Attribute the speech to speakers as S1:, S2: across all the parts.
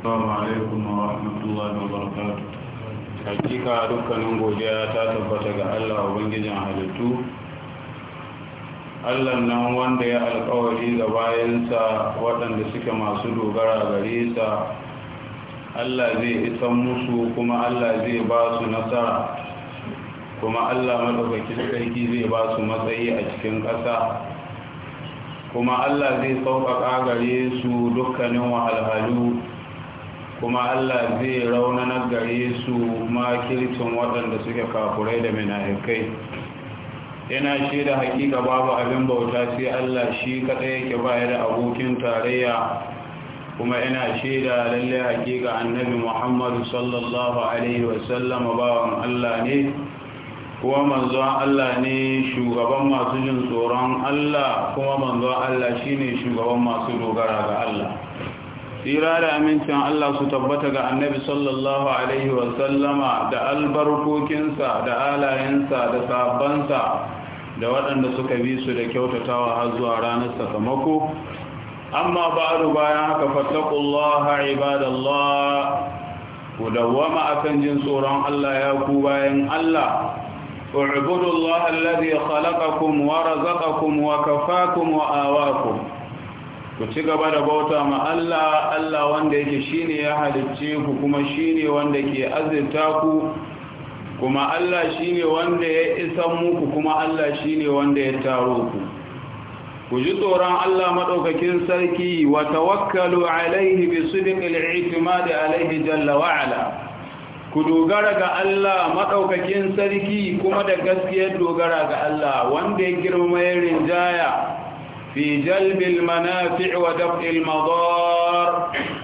S1: Assalamu alaikum wa rahmatullahi wa barakatuh. Hakika dukkanin godiya ta tabbata ga Allah Ubangijin halittu. Allah nan wanda ya alkawari ga bayansa waɗanda suke masu dogara gare sa. Allah zai isan musu kuma Allah zai ba su nasara. Kuma Allah madaukakin sarki zai ba su matsayi a cikin ƙasa. kuma Allah zai sauƙaƙa gare su dukkanin wahalhalu kuma Allah zai na gare su makircin waɗanda suke kafurai da minahikai yana shi da hakika babu abin bauta sai Allah shi kaɗai yake baya da abokin tarayya kuma yana da lalle hakika annabi Muhammad sallallahu alaihi wasallam bawan Allah ne kuma manzon Allah ne shugaban masu jin tsoron Allah kuma manzon Allah shine shugaban masu dogara ga Allah tsira da amincin Allah su tabbata ga annabi sallallahu Alaihi wasallama da albarkokinsa da alayensa da sabansa da waɗanda suka bi su da kyautatawa har zuwa ranar sakamako amma ba'adu bayan haka fattakullaha ibadallah ku dawwama kan jin tsoron Allah ya ku bayan Allah اعبدوا الله الذي wa ورزقكم وكفاكم وآواكم ku ci gaba da bauta ma Allah Allah wanda yake shine ya halicce ku kuma shine wanda ke azurta ku kuma Allah shine wanda ya isan muku kuma Allah shine wanda ya taro ku ku ji tsoron Allah madaukakin sarki wa tawakkalu alaihi bi sidqil i'timad alaihi jalla wa ala ku dogara ga Allah maɗaukakin sarki kuma da gaskiyar dogara ga Allah wanda ya girma ya rinjaya fi jalbil manafi' wa daf'il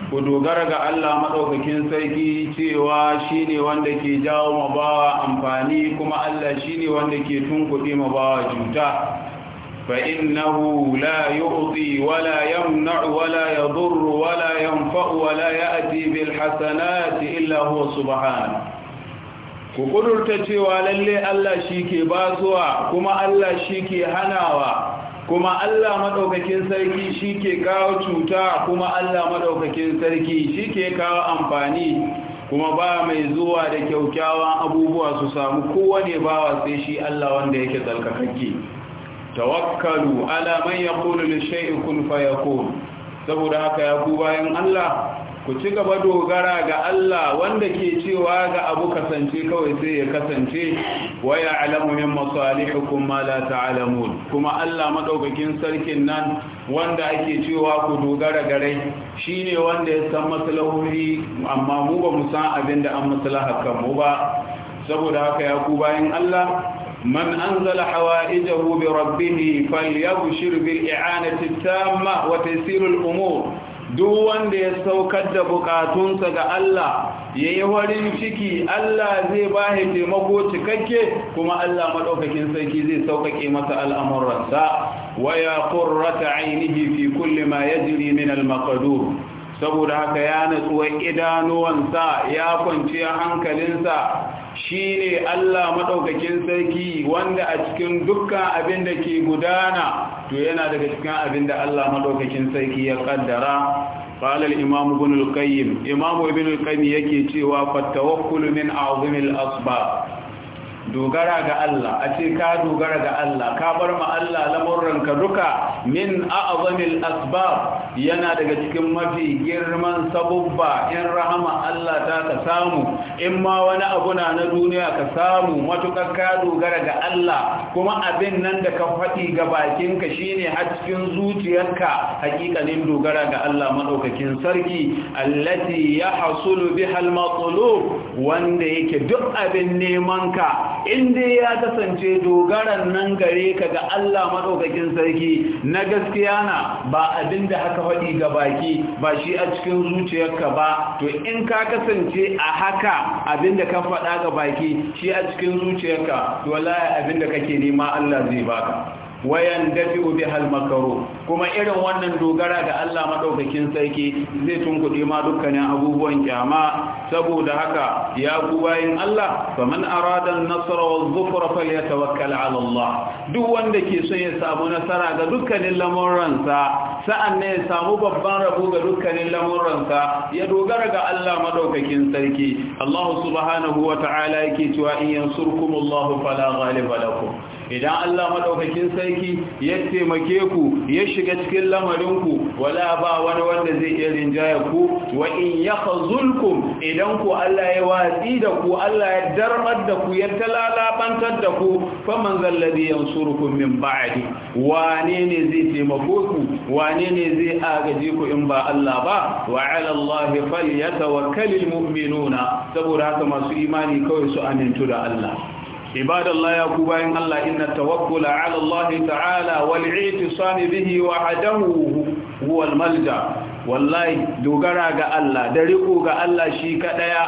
S1: ku ga Allah madaukakin sarki cewa shine wanda ke jawo mabawa amfani kuma Allah shine wanda ke tunkuɗe mabawa cuta fa innahu la yu'ti wa la yamna'u wa yadurru wa yanfa'u wa ya'ti bil hasanati illa huwa subhanahu ku kudurta cewa lalle Allah shi ke basuwa kuma Allah shi ke hanawa kuma Allah madaukakin sarki shike kawo cuta kuma Allah madaukakin sarki shike kawo amfani kuma ba mai zuwa da kyaukyawan abubuwa su samu kowane bawa sai shi Allah wanda yake tsarkakakke tawakkalu ala man yaqulu lishay'in kun fayakun saboda haka ya ku bayan Allah ku ci gaba dogara ga Allah wanda ke cewa ga abu kasance kawai sai ya kasance wa ya'lamu min masalihikum ma la ta'lamun kuma Allah madaukakin sarkin nan wanda ake cewa ku dogara gare shine wanda ya san maslahohi amma mu ba mu san abin da an maslaha kan mu ba saboda haka ya ku bayin Allah من أنزل حوائجه بربه فليبشر بالإعانة التامة tasirul الأمور duk wanda ya saukar da bukatunsa ga Allah ya yi warin ciki Allah zai ba shi taimako cikakke kuma Allah maɗaukakin sarki zai sauƙaƙe masa al'amuransa waya ya ƙurrata ainihi fi kulle ma ya jiri min al saboda haka ya natsuwa idanuwansa ya kwanciya hankalinsa Shi ne Allah maɗaukakin sarki wanda a cikin dukkan abin da ke gudana to yana daga cikin abin da Allah maɗaukakin sarki ya ƙaddara قال الإمام ابن القيم إمام ابن القيم يكي تيوى فالتوكل من azumin الأصباب dogara ga Allah a ce ka dogara ga Allah ka bar ma Allah lamurranka duka min a'zamil asbab yana daga cikin mafi girman sabubba in rahama Allah ta ka samu in ma wani abu na na duniya ka samu matukar ka dogara ga Allah kuma abin nan da ka faɗi ga bakinka shine a cikin zuciyarka Hakikanin dogara ga Allah madaukakin sarki allati ya biha al-matlub wanda yake duk abin neman ka inda ya kasance dogaran nan gare ka ga Allah madaukakin sarki na gaskiya na ba abin da haka faɗi ga baki ba shi a cikin zuciyarka ba to in ka kasance a haka abin da ka faɗa ga baki shi a cikin zuciyarka to wallahi abin da kake arziki ma Allah zai baka wayan dafi ubi makaru kuma irin wannan dogara ga Allah maɗaukakin sarki zai tunkuɗe ma dukkanin abubuwan kyama saboda haka ya ku bayin Allah kamar arada an-nasra waz-zufra falyatawakkal 'ala Allah duk wanda ke son ya samu nasara ga dukkanin lamuransa sa'an ne ya samu babban rabo ga dukkanin lamuransa ya dogara ga Allah maɗaukakin sarki Allah subhanahu wa ta'ala yake cewa in yansurkumullahu fala ghaliba lakum idan Allah madaukakin sarki ya taimake ku ya shiga cikin lamarinku wala ba wani wanda zai iya rinjaya ku wa in yakhzulkum idan ku Allah ya watsi da ku Allah ya darmar da ku ya talalabantar da ku faman zalladhi yansurukum min ba'di wane ne zai taimako ku wane ne zai agaje ku in ba Allah ba wa 'ala Allah falyatawakkalul mu'minuna saboda haka masu imani kawai su amintu da Allah عباد الله يا كوباين الله إن التوكل على الله تعالى والاعتصام به وحده هو الملجأ wallahi dogara ga Allah da riko ga Allah shi kadaya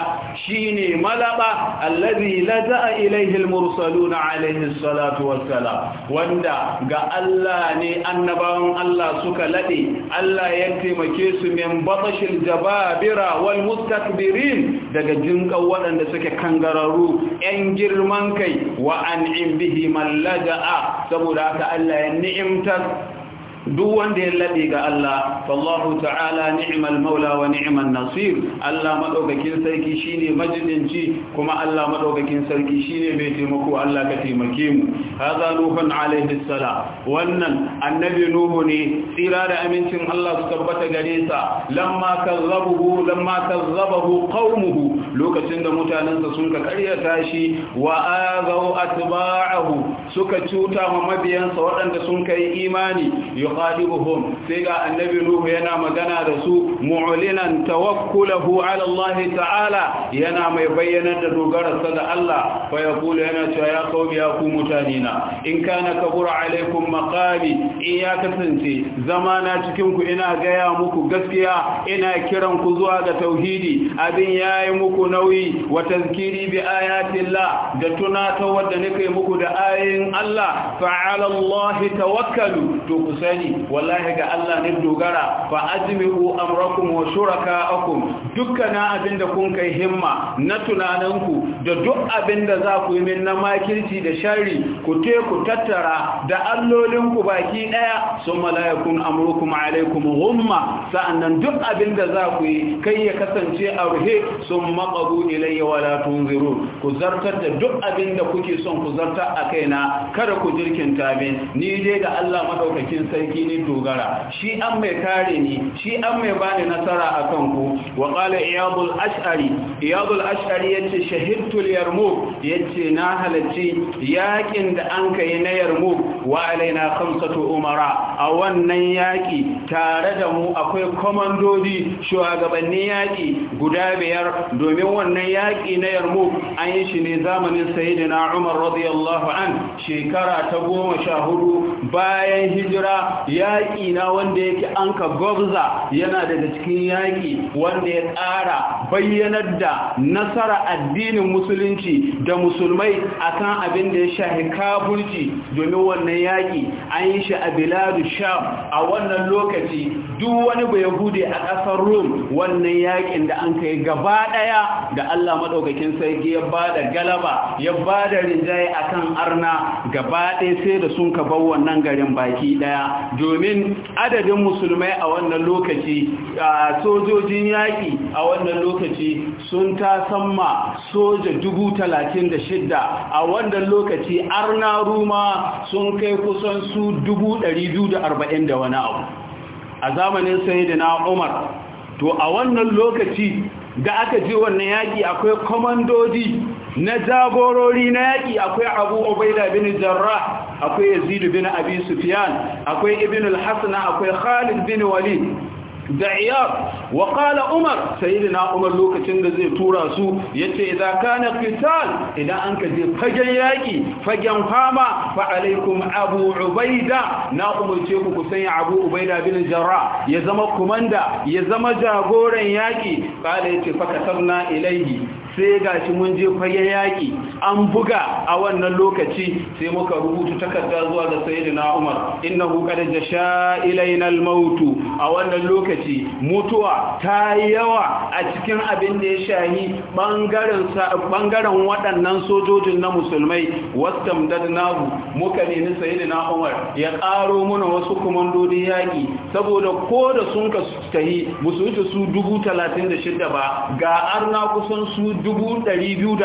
S1: shine malaba allazi laza'a ilayhi almursalun alayhi salatu wassalam wanda ga Allah ne annabawan Allah suka lade Allah ya taimake su min batashil jababira wal mustakbirin daga jinkan waɗanda suke kangararru yan girman kai wa an'im bihi man laja'a saboda ka Allah ya ni'imtar duk wanda ya laɗe ga Allah فالله تعالى نعم المولى ونعم النصير الله مدوكين سركي شيني مجدنجي كما الله مدوكين سركي شيني مي تيمكو الله كتيمكي مو هذا نوح عليه السلام wannan annabi nuhu ne tsira da amincin Allah su tabbata gare sa lamma kazzabuhu lamma kazzabahu lokacin da mutanansa sun ka karyata shi wa azaw atba'ahu suka cuta wa mabiyansa waɗanda sun kai imani yuqadibuhum sai ga annabi nuhu nuhu yana magana da su mu'linan tawakkulahu ala Allah ta'ala yana mai bayyanar da dogararsa da Allah fa yaqulu yana cewa ya qaumi ya ku mutanina in kana kabura alaikum maqami in ya kasance zamana cikin ku ina gaya muku gaskiya ina kiran ku zuwa ga tauhidi abin yayi muku nauyi wa tazkiri bi ayatillah da tunatar da nake muku da ayoyin Allah fa ala Allah tawakkalu to kusani wallahi ga Allah ne dogara fa ajmi'u amrakum wa shuraka'akum dukkana abinda kun kai himma na tunananku da duk abinda za ku yi min na makirci da shari ku te ku tattara da allolin ku baki daya summa la yakun amrukum alaikum humma sa'annan duk abinda za ku yi kai ya kasance a ruhe summa qabu ilayya wa la tunziru ku zartar da duk abinda kuke son ku zarta a kaina kada ku jirkin tabe ni dai da Allah madaukakin sarki ne dogara shi an mai kare kare ni shi an mai bani nasara akan ku wa qala iyadul ash'ari iyadul ash'ari yace shahidtul ya yace na halacci yakin da an kai na yarmu wa alaina khamsatu umara a wannan yaki tare da mu akwai komandodi shugabannin yaki guda biyar domin wannan yaki na yarmu an yi shi ne zamanin sayyidina Umar radiyallahu an shekara ta goma sha hudu bayan hijira Yaƙina na wanda yake an suka gwabza yana daga cikin yaƙi wanda ya ƙara bayyanar da nasara addinin musulunci da musulmai akan abin da ya shahi kaburci domin wannan yaƙi an yi shi a biladu sham a wannan lokaci duk wani bai hude a ƙasar rum wannan yaƙin da an kai gaba ɗaya da allah maɗaukakin sarki ya ba da galaba ya ba da rinjaye akan arna gaba ɗaya sai da sun ka bar wannan garin baki ɗaya domin adadin musulmai a wannan lokaci a sojojin yaƙi a wannan lokaci sun ta samma soja dubu talatin da shidda a wannan lokaci arna ruma sun kai kusan su dubu ɗari du da arba'in da wani abu a zamanin sai da na umar to a wannan lokaci da aka je wannan yaƙi akwai kwamandoji na jagorori na yaƙi akwai abu ubaida bin jarra akwai yazid bin abi sufyan akwai ibn al-hasan akwai khalid bin walid da iyar wa qala umar sayyidina umar lokacin da zai tura su yace ka na fita? idan an ka je fagen yaƙi fagen fama fa alaikum abu ubaida na umarce ku kusan sanya abu ubaida bin jarra ya zama kumanda ya zama jagoran yaki ya ce fa na ilaihi sai shi mun je fage yaƙi an buga a wannan lokaci sai muka rubuta takarda zuwa ga sayyidina Umar innahu qad jasha ilaina al a wannan lokaci mutuwa ta yawa a cikin abin da ya shahi bangaren bangaren waɗannan sojojin na musulmai wastamdadnahu muka nemi sayyidina Umar ya karo mana wasu komandodi yaki saboda ko da sun ka tahi musulunci su 36 ba ga arna kusan su 240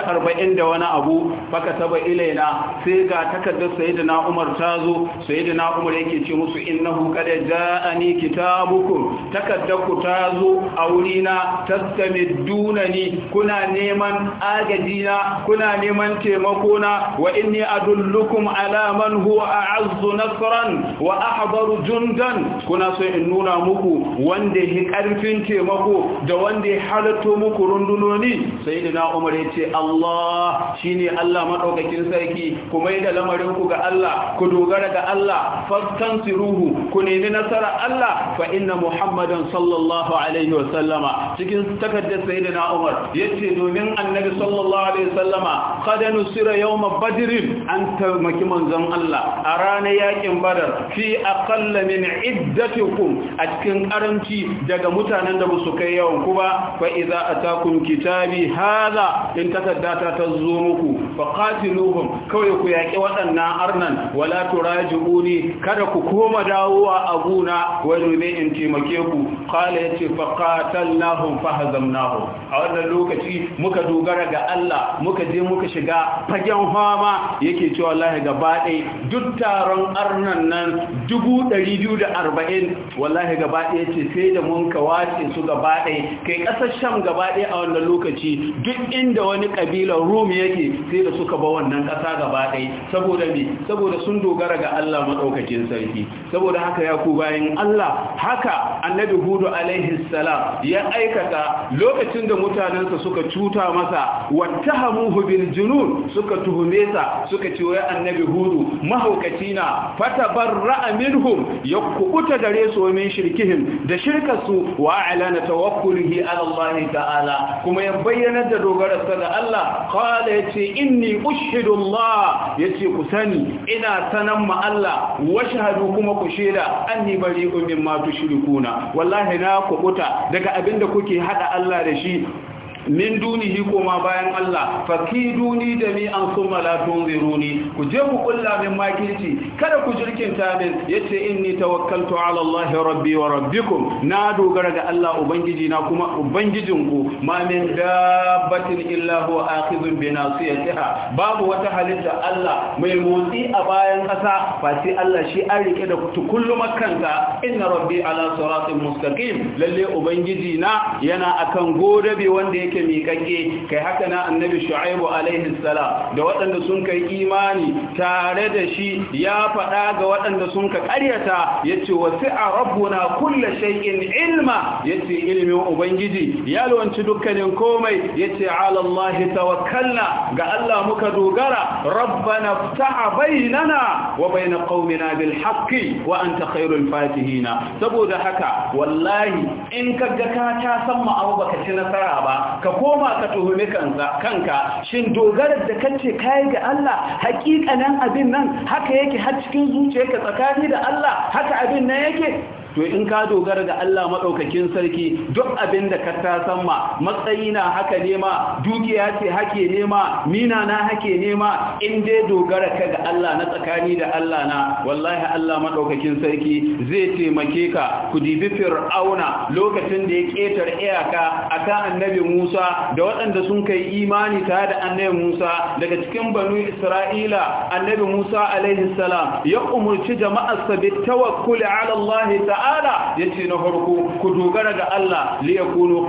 S1: da wani abu abu baka taba ilaina sai ga takardar sayyidina Umar ta zo sayyidina Umar yake ce musu innahu qad ja'ani kitabukum takardar ku ta zo a wurina tastamidunani kuna neman agaji na kuna neman taimako na wa inni adullukum ala man huwa a'azzu nasran wa ahdaru jundan kuna so in nuna muku wanda ya karfin taimako da wanda ya halatto muku rundunoni sayyidina Umar yace Allah shi shine Allah madaukakin sarki ku mai da lamarin ku ga Allah ku dogara ga Allah fastansiruhu ku nemi nasara Allah fa inna muhammadan sallallahu alaihi wa sallama cikin takaddar sayyidina Umar yace domin annabi sallallahu alaihi wa sallama qad nusira yawma badr an taimaki manzon Allah a ranar yakin badar fi aqalla min iddatikum a cikin karanci daga mutanen da su kai yawan ku ba fa idza atakum kitabi hadha in takaddata ta muku ku faqatiluhum kawai ku yaki waɗannan arnan wala turaji'uni kada ku koma dawowa abuna wani ne in taimake ku qala yace faqatalnahum fahazamnahum a wannan lokaci muka dogara ga Allah muka je muka shiga fagen fama yake cewa wallahi gaba ɗaya duk taron arnan nan 240 wallahi gaba ɗaya ce sai da mun kawace su gaba ɗaya kai kasar sham gaba dai a wannan lokaci duk inda wani ƙabilar rum yake sai da suka ba wannan ƙasa gaba ɗaya saboda me saboda sun dogara ga Allah madaukakin sarki saboda haka ya ku bayan Allah haka annabi hudu alaihi salam ya aikata lokacin da mutanensa suka cuta masa wattahamuhu bil junun suka tuhume sa suka ce wai annabi hudu mahaukaci na fatabarra'a minhum ya kubuta daresu su min shirkihim da su wa alana tawakkulihi ala Allah ta'ala kuma ya bayyana da dogararsa da Allah qala yace inni ushidu Allah yace ku sani ina sanan ma Allah washhadu kuma ku shaida anni bari'un mimma tushrikuna wallahi na kubuta daga abinda kuke hada Allah da shi min dunihi koma bayan Allah fakiduni jami'an summa la tunziruni ku je ku kulla min makirci kada ku jirkinta min yace inni tawakkaltu ala Allah rabbi wa rabbikum na dogara ga Allah ubangiji na kuma ubangijin ku ma min dabbatin illa huwa akhidhun bi nasiyatiha babu wata halitta Allah mai motsi a bayan kasa Fati Allah shi an rike da kullu makanta inna rabbi ala siratin mustaqim lalle ubangiji na yana akan godabe wanda yake yake miƙaƙe kai haka na annabi shu'aibu alaihi salam da waɗanda sun kai imani tare da shi ya faɗa ga waɗanda sun ka ƙaryata yace wasi'a rabbuna kulla shay'in ilma yace ilimin ubangiji ya lawanci dukkanin komai yace ala allah tawakkalna ga Allah muka dogara rabbana ftaha bainana wa bain qaumina bil haqqi wa anta khairul fatihina saboda haka wallahi in kaga ka ta san mu baka ci nasara ba ka koma ka tuhumi kanka shin dogarar da kace kai ga Allah hakikanin abin nan haka yake har cikin zuciyarka tsakani da Allah haka abin nan yake to in ka dogara ga Allah madaukakin sarki duk abin da ka ta ma matsayi na haka nema dukiya ce hake nema mina na hake nema in dai dogara ka ga Allah na tsakani da Allah na wallahi Allah madaukakin sarki zai taimake ka ku dibi fir'auna lokacin da ya ketar iyaka akan annabi Musa da waɗanda sun kai imani tare da annabi Musa daga cikin banu Isra'ila annabi Musa alaihi salam ya umurci jama'a bi tawakkuli ala Allah ta'ala ta'ala ce na farko ku dogara ga Allah li yakunu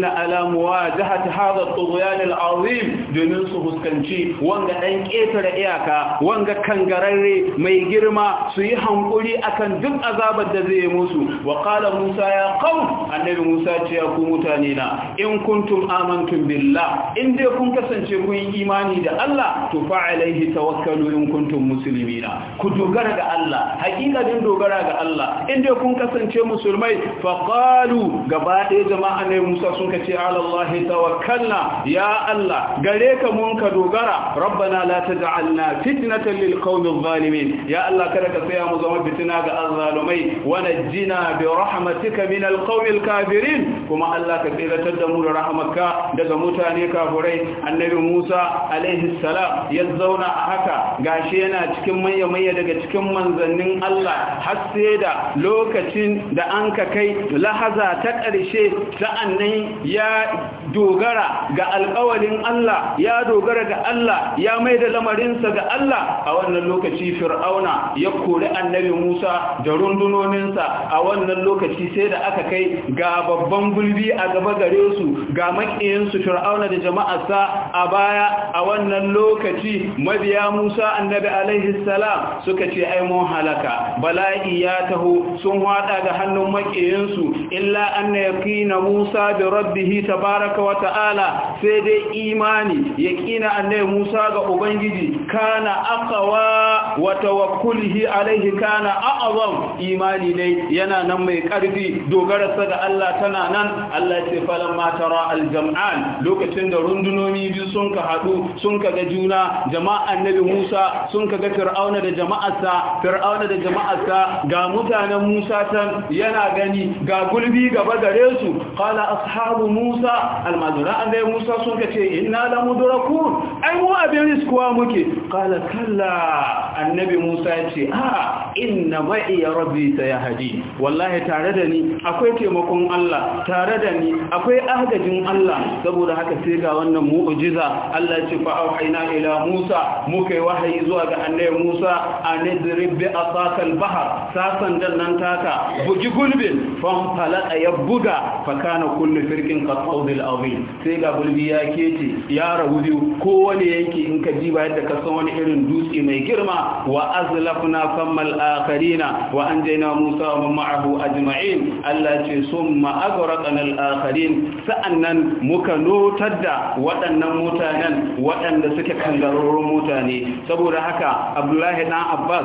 S1: na ala muwajahati hadha at-tughyan al-azim domin su huskanci wanga dan ketare iyaka wanga kangararre mai girma su yi hankuri akan duk azabar da zai musu wa qala musa ya qaum annabi musa ce ku mutane na in kuntum amantum billah in dai kun kasance kun yi imani da Allah to fa alaihi tawakkalu in kuntum muslimina ku dogara ga Allah hakika din dogara ga Allah in dai kun kasance musulmai faqalu gaba ɗaya jama'a ne Musa sun kace ala Allah tawakkalna ya Allah gare ka mun ka dogara rabbana la taj'alna fitnatan lil qawmi zalimin ya Allah kada ka saya mu zama fitina ga azzalumai wa najjina bi rahmatika min al qawmi kafirin kuma Allah ka tsiratar da mu da rahmatka daga mutane kafurai annabi Musa alaihi salam ya zauna a haka gashi yana cikin manya manya daga cikin manzannin Allah har sai da lokacin lokacin da an ka kai lahaza ta ƙarshe sa'annan ya dogara ga alƙawalin Allah ya dogara ga Allah ya mai da lamarinsa ga Allah a wannan lokaci fir'auna ya kori annabi Musa da rundunoninsa a wannan lokaci sai da aka kai ga babban gulbi a gaba gare su ga makiyansu fir'auna da jama'arsa a baya a wannan lokaci mabiya Musa annabi alaihi salam suka ce ai mun halaka bala'i ya taho sun hada ga hannun makiyansu illa anna yaqina Musa bi rabbih tabaaraka wa ta'ala sai dai imani yaqina annabi Musa ga ubangiji kana aqwa wa tawakkulihi alaihi kana a'zam imani ne yana nan mai karfi dogararsa ga Allah tana nan Allah ce falan ma tara altaqa aljam'an lokacin da rundunoni biyu sun ka haɗu, sun ka ga juna jama'an nabi Musa sun ka ga Fir'auna da jama'arsa Fir'auna da jama'arsa ga mutanen Musa tan yana gani ga gulbi gaba gare su qala ashabu Musa almazura dai Musa sun ka ce inna lamudrakun ai mu abin riskuwa muke kala kalla annabi Musa ya ce a ah, inna ma'i rabbi sayahdi wallahi tare da ni akwai taimakon Allah tare da ni akwai agajin Allah saboda haka sai ga wannan mu'jiza Allah ce fa auhayna ila Musa muka yi wahayi zuwa ga annabi Musa anidrib bi asakal bahar sasan dan nan taka buji gulbin fam falaka ya buga fa kana kullu firqin qatawdil azim sai ga gulbi ya kece ya rawu biyu kowane yanki in ka ji yadda ka san wani irin dutse mai girma wa azlafna kammal الآخرين وأنجينا موسى ومن معه أجمعين التي ثم أغرقنا الآخرين سأنا مكنوت دا وأن متانا وأن سككن ضرور متاني سبور هكا عبد الله بن عباس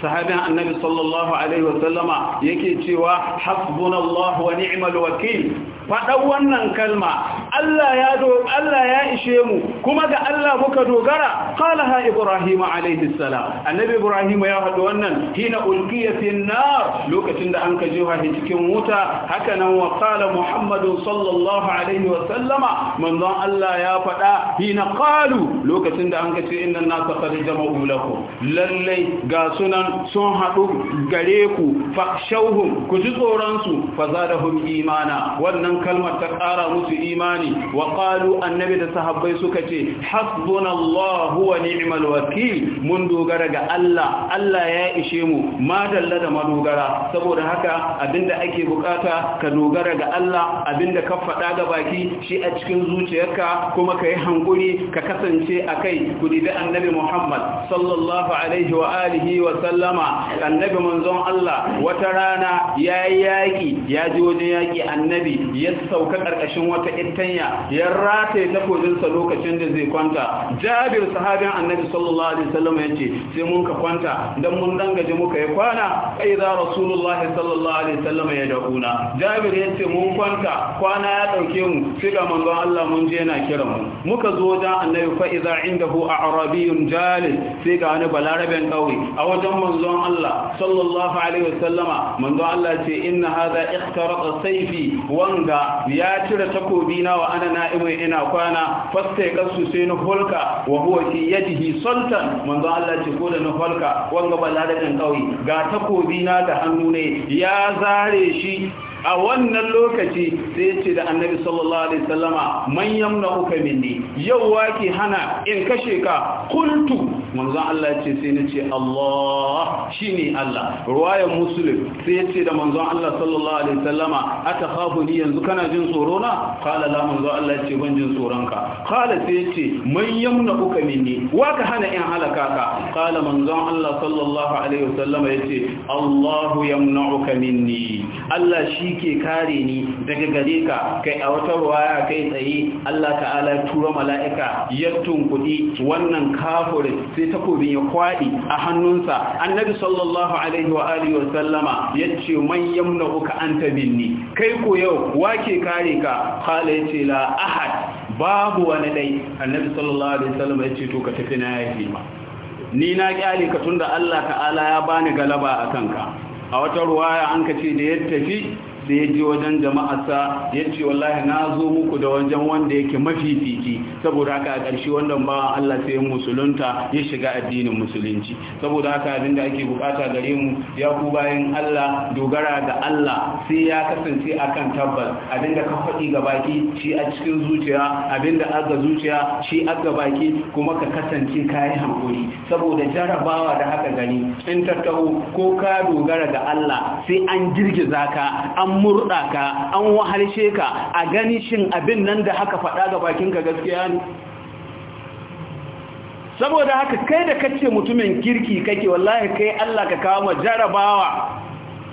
S1: sahabin annabi sallallahu alaihi wasallama yake cewa hasbunallahu wa ni'mal wakil faɗan wannan kalma Allah ya do Allah ya ishe mu kuma ga Allah muka dogara qalaha ibrahim alayhi salam annabi ibrahim ya hado wannan hina ulqiya fi nar lokacin da an ka jefa cikin wuta haka nan wa qala muhammad sallallahu alaihi wa sallama manzon Allah ya faɗa hina qalu lokacin da an ka ce inna nasa qad jama'u lakum lalle ga sunan sun hadu gare ku fakhshawhum ku ji tsoron su fa zadahum imana wannan kalmar ta ƙara musu imani alqur'ani wa annabi da sahabbai suka ce hasbunallahu wa ni'mal wakil mun dogara ga Allah Allah ya ishe mu ma da madogara saboda haka abinda ake bukata ka dogara ga Allah abinda ka faɗa ga baki shi a cikin zuciyarka kuma kai hankuri ka kasance akai kudi da annabi Muhammad sallallahu alaihi wa alihi wa sallama annabi manzon Allah wata rana yayi yaki ya ji wajen yaki annabi ya sauka karkashin wata ittan hanya ya rataye takobinsa lokacin da zai kwanta jabir sahabin annabi sallallahu alaihi wasallam yace sai mun ka kwanta dan mun dangaje muka yi kwana kai da rasulullahi sallallahu alaihi wasallam ya dauna jabir yace mun kwanta kwana ya dauke mu sai ga manzon Allah mun je yana kira mu muka zo wajen annabi fa idza indahu a'rabiyyun jalis sai ga wani balaraben kauye a wajen manzon Allah sallallahu alaihi wasallama manzon Allah ce inna hadha ikhtarata sayfi wanga ya cire takobi na wa ana na'imun ina kwana fasta kasu sai na hulka wa huwa fi yadihi sultan manzo Allah ce ko da na hulka wanga da baladanin ƙauye. ga takobi na da hannu ne ya zare shi a wannan lokaci sai ce da annabi sallallahu alaihi wasallama man yamna uka minni yau wake hana in kashe ka qultu manzon Allah ya ce sai na ce Allah shine Allah ruwayar musulun sai ya ce da manzon Allah sallallahu alaihi wasallama aka khafu ni yanzu kana jin tsoro na kala la manzon Allah ya ce ban jin tsoron ka qala sai ya ce man yamna uka minni wa ka hana in halaka ka kala manzon Allah sallallahu alaihi sallama ya ce Allah yamna'uka minni Allah shi ke kare ni daga gare ka kai a wata ruwaya kai tsaye Allah ta'ala tura mala'ika yattun kuɗi wannan kafirin sai takobin ya kwaɗi a hannunsa annabi sallallahu alaihi wa alihi wa sallama yace man yamna'uka anta minni kai ko yau wake kare ka qala yace la ahad babu wani dai annabi sallallahu alaihi wa sallama yace to ka tafi na yafi ma ni na kyale ka tunda Allah ta'ala ya bani galaba akan ka a wata ruwaya an ka ce da ya tafi sai ya je wajen jama'arsa ya ce wallahi na zo muku da wajen wanda yake fiki saboda haka a ƙarshe wannan ba Allah sai ya musulunta ya shiga addinin musulunci saboda haka abin da ake bukata gare mu ya ku bayan Allah dogara ga Allah sai ya kasance akan tabbas abin da ka faɗi ga baki shi a cikin zuciya abin da aka zuciya shi ga baki kuma ka kasance yi hankuri saboda jarabawa da haka gani in tattahu ko ka dogara ga Allah sai an girgiza ka an an ka an wahalshe ka a gani shin abin nan da haka faɗa ga bakinka gaskiya ne saboda haka kai da kace mutumin kirki kake wallahi kai Allah ka kawo ma jarabawa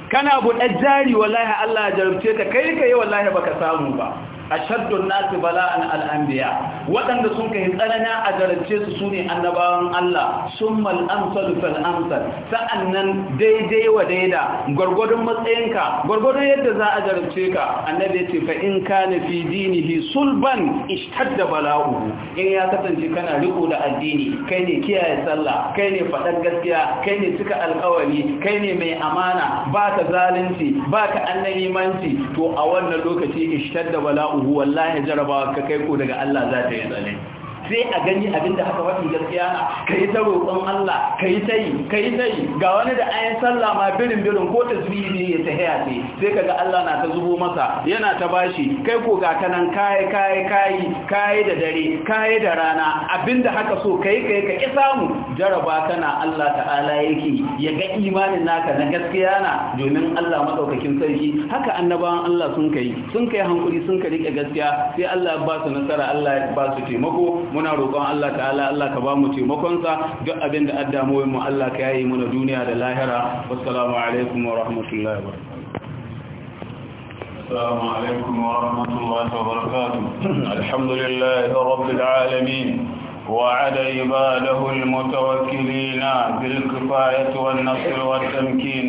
S1: kana buɗe jari wallahi Allah ya jarabce ka kai kai wallahi baka samu ba ashaddun nasi bala'an al'ambiya waɗanda sun kai tsananin a garance su sune annabawan Allah summal amsal fal amsal sa'annan daidai wa daida gwargwadon matsayinka gwargwadon yadda za a garance ka annabi yace fa in kana fi dinihi sulban ishtadda bala'u in ya kasance kana riko da addini kai ne kiyaye sallah kai ne faɗar gaskiya kai ne cika alƙawari kai ne mai amana ba ka zalunci ba ka annabimanci to a wannan lokaci ishtadda bala'uhu wallahi jarabawa ka kai ko daga Allah za ta yi tsanani sai a gani abin da aka faɗi gaskiya na yi ta roƙon Allah yi ta yi yi ta yi ga wani da ayin sallah ma birin birin ko tasbihi ne ya tahiya ne sai ka ga Allah na ta zubo masa yana ta bashi kai ko ga kanan kai kai kai kai da dare kai da rana Abin da haka so kai kai ka ki samu jaraba kana Allah ta'ala yake ya ga imanin naka na gaskiya na domin Allah madaukakin sarki haka annabawan Allah sun kai sun kai hankuri sun ka rike gaskiya sai Allah ya ba su nasara Allah ya ba su taimako muna roƙon Allah ta'ala Allah ka ba mu taimakonsa duk abin da addamuwar mu Allah ka yayi muna duniya da lahira wassalamu alaikum wa rahmatullahi wa barakatuh السلام عليكم ورحمة وعد عباده المتوكلين بالكفاية والنصر والتمكين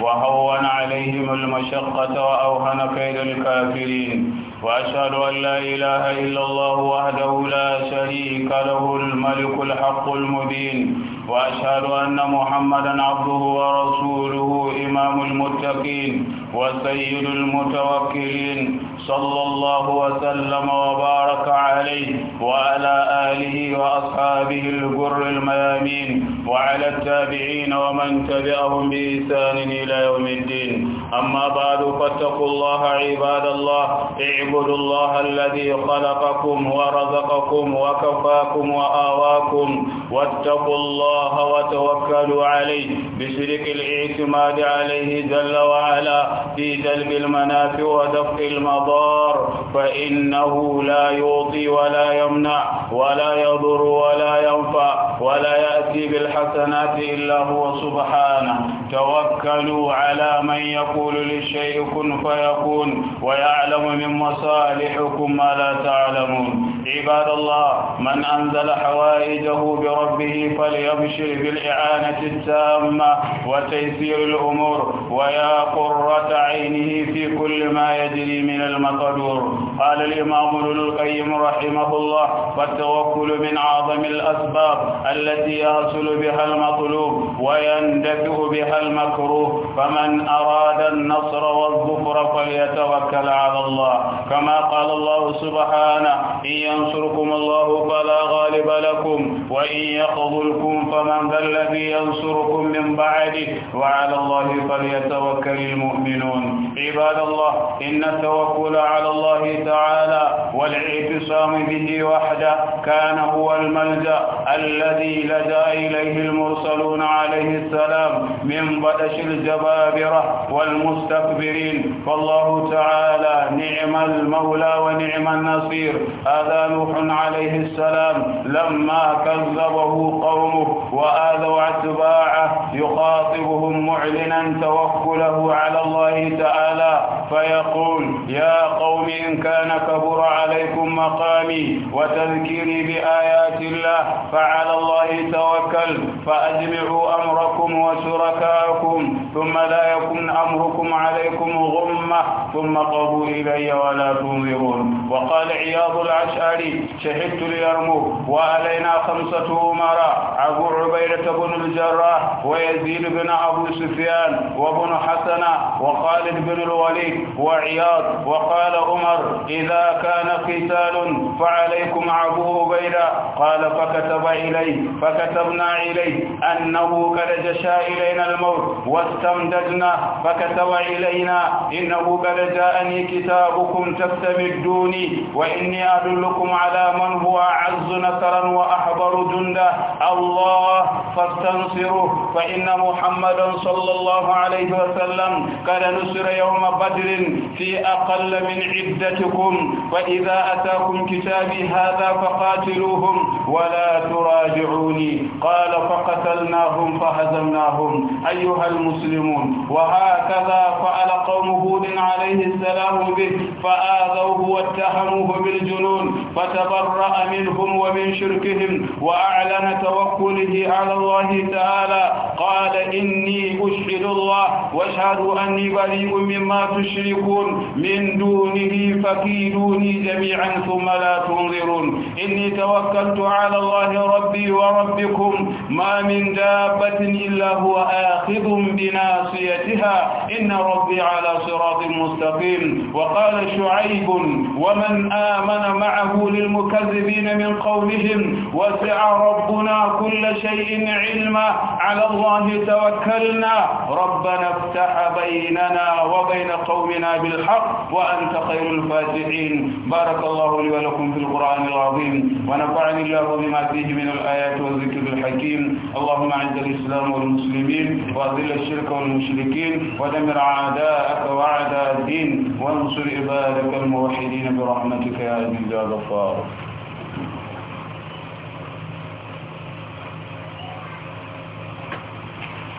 S1: وهون عليهم المشقة وأوهن كيد الكافرين وأشهد أن لا إله إلا الله وحده لا شريك له الملك الحق المبين وأشهد أن محمدا عبده ورسوله إمام المتقين وسيد المتوكلين صلى الله وسلم وبارك عليه وعلى آله وأصحابه الجر الميامين وعلى التابعين ومن تبعهم بإحسان إلى يوم الدين أما بعد فاتقوا الله عباد الله اعبدوا الله الذي خلقكم ورزقكم وكفاكم وآواكم واتقوا الله الله وتوكلوا عليه بشرك الاعتماد عليه جل وعلا في جلب المنافع ودفع المضار فإنه لا يعطي ولا يمنع ولا يضر ولا ينفع ولا يأتي بالحسنات إلا هو سبحانه توكلوا على من يقول للشيء كن فيكون ويعلم من مصالحكم ما لا تعلمون عباد الله من أنزل حوائجه بربه فليبشر بالإعانة التامة وتيسير الأمور ويا قرة عينه في كل ما يجري من المقدور قال الإمام القيم رحمه الله فالتوكل من أعظم الأسباب التي يصل بها المطلوب ويندفع بها المكروه فمن أراد النصر والظفر فليتوكل على الله كما قال الله سبحانه إن ينصركم الله فلا غالب لكم وإن يخذلكم فمن ذا الذي ينصركم من بعده وعلى الله فليتوكل المؤمنون عباد الله إن التوكل على الله تعالى والاعتصام به وحده كان هو الملجأ الذي لجأ إليه المرسلون عليه السلام من من بطش الجبابرة والمستكبرين فالله تعالى نعم المولى ونعم النصير هذا نوح عليه السلام لما كذبه قومه وآذوا أتباعه يخاطبهم معلنا توكله على الله تعالى فيقول يا قوم إن كان كبر عليكم مقامي وتذكيري بآيات الله فعلى الله توكل فأجمعوا أمركم وشركاءكم ثم لا يكن أمركم عليكم غمة ثم قضوا إلي ولا تنظرون وقال عياض العشاري شهدت ليرموك وعلينا خمسة أمراء أبو عبيدة بن الجراح ويزيد بن أبو سفيان وابن حسنة وخالد بن الوليد وعياض وقال عمر إذا كان قتال فعليكم أبو عبيدة قال فكتب إليه فكتبنا إليه أنه قد جشى إلينا الموت واستمددنا فكتب إلينا إنه قد قد جاءني كتابكم تستمدوني وإني أدلكم على من هو أعز نصرا وأحضر جندا الله فاستنصروه فإن محمدا صلى الله عليه وسلم قد نصر يوم بدر في أقل من عدتكم وإذا أتاكم كتابي هذا فقاتلوهم ولا تراجعوني قال فقتلناهم فهزمناهم أيها المسلمون وهكذا فعل قوم هود عليه عليه السلام به فآذوه واتهموه بالجنون فتبرأ منهم ومن شركهم وأعلن توكله على الله تعالى قال إني أشهد الله واشهدوا أني بريء مما تشركون من دونه فكيدوني جميعا ثم لا تنظرون إني توكلت على الله ربي وربكم ما من دابة إلا هو آخذ بناصيتها إن ربي على صراط مستقيم وقال شعيب ومن آمن معه للمكذبين من قولهم وسع ربنا كل شيء علما على الله توكلنا ربنا وافتح بيننا وبين قومنا بالحق وأنت خير الفاتحين بارك الله لي ولكم في القرآن العظيم ونفعني الله بما فيه من الآيات والذكر الحكيم اللهم أعز الإسلام والمسلمين وأذل الشرك والمشركين ودمر أعداءك وأعداء الدين وانصر عبادك الموحدين برحمتك يا عزيز يا غفار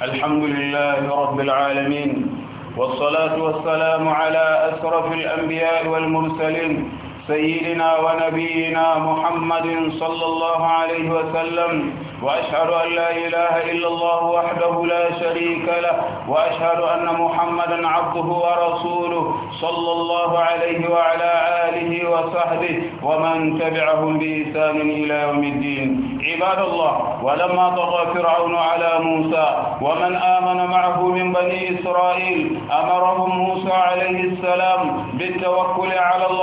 S1: الحمد لله رب العالمين والصلاة والسلام على أسرف الأنبياء والمرسلين سيدنا ونبينا محمد صلى الله عليه وسلم وأشهد أن لا إله إلا الله وحده لا شريك له وأشهد أن محمدا عبده ورسوله صلى الله عليه وعلى آله وصحبه ومن تبعهم بإحسان إلى يوم الدين عباد الله ولما طغى فرعون على موسى ومن آمن معه من بني إسرائيل أمرهم موسى عليه السلام بالتوكل على الله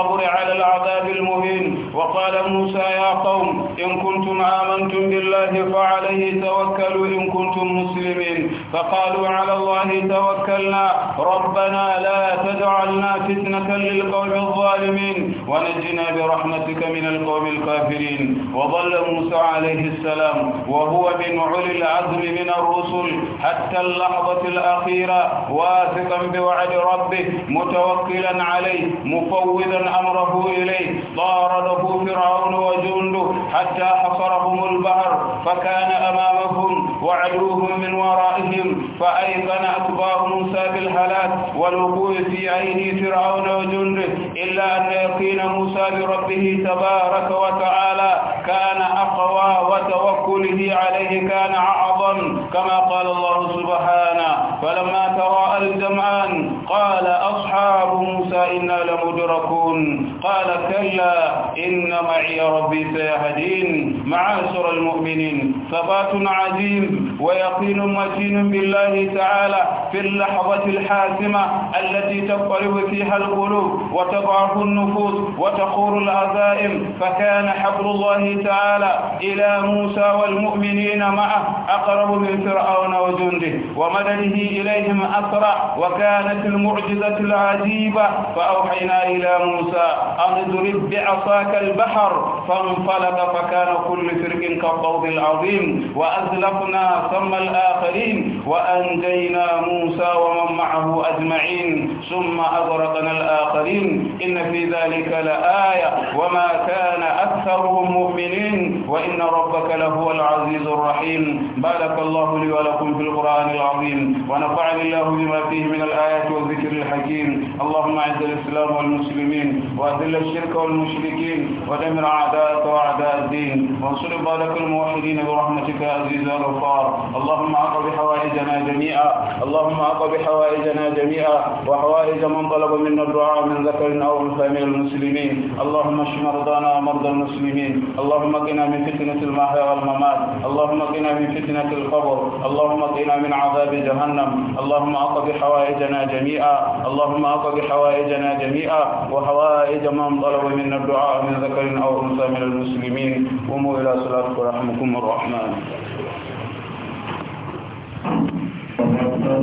S1: الصبر على العذاب المهين وقال موسى يا قوم إن كنتم آمنتم بالله فعليه توكلوا إن كنتم مسلمين فقالوا على الله توكلنا ربنا لا تجعلنا فتنة للقوم الظالمين ونجنا برحمتك من القوم الكافرين وظل موسى عليه السلام وهو من علي العزم من الرسل حتى اللحظة الأخيرة واثقا بوعد ربه متوكلا عليه مفوضا أمره إليه طارده فرعون وجنده حتى حصرهم البحر فكان أمامهم وعدوهم من ورائهم فأيقن أتباع موسى بالهلاك والوقوع في أيدي فرعون وجنده إلا أن يقين موسى بربه تبارك وتعالى كان أقوى وتوكله عليه كان أعظم كما قال الله سبحانه فلما تراءى الجمعان قال أصحاب موسى إنا لمدركون قال كلا إن معي ربي سيهدين معاشر المؤمنين ثبات عظيم ويقين متين بالله تعالى في اللحظة الحاسمة التي تضطرب فيها القلوب وتضعف النفوس وتخور العزائم فكان حبل الله تعالى إلى موسى والمؤمنين معه أقرب من فرعون وجنده ومدده إليهم أسرع وكانت المعجزة العجيبة فأوحينا إلى موسى أن اضرب بعصاك البحر فانفلق فكان كل فرق كالطود العظيم وأزلفنا ثم الآخرين وأنجينا موسى ومن معه أجمعين ثم أغرقنا الآخرين إن في ذلك لآية وما كان أكثرهم مؤمنين وإن ربك لهو العزيز الرحيم بارك الله لي ولكم في القرآن العظيم ونفعني الله بما فيه من الآيات والذكر الحكيم اللهم أعز الإسلام والمسلمين وأذل الشرك والمشركين ودمر أعداء أعداءك وأعداء الدين وانصر عبادك الموحدين برحمتك يا عزيز الغفار اللهم أقض حوائجنا جميعا اللهم أقض حوائجنا جميعا وحوائج من طلب منا الدعاء من ذكر أو أنثى من المسلمين اللهم اشف مرضانا ومرضى المسلمين اللهم قنا من فتنة المحيا والممات اللهم قنا من فتنة القبر اللهم قنا من عذاب جهنم اللهم أقض حوائجنا جميعا اللهم أقض حوائجنا جميعا وحوائج من طلب منا الدعاء من ذكر أو أنثى من المسلمين قوموا إلى صلاتكم ورحمكم الرحمن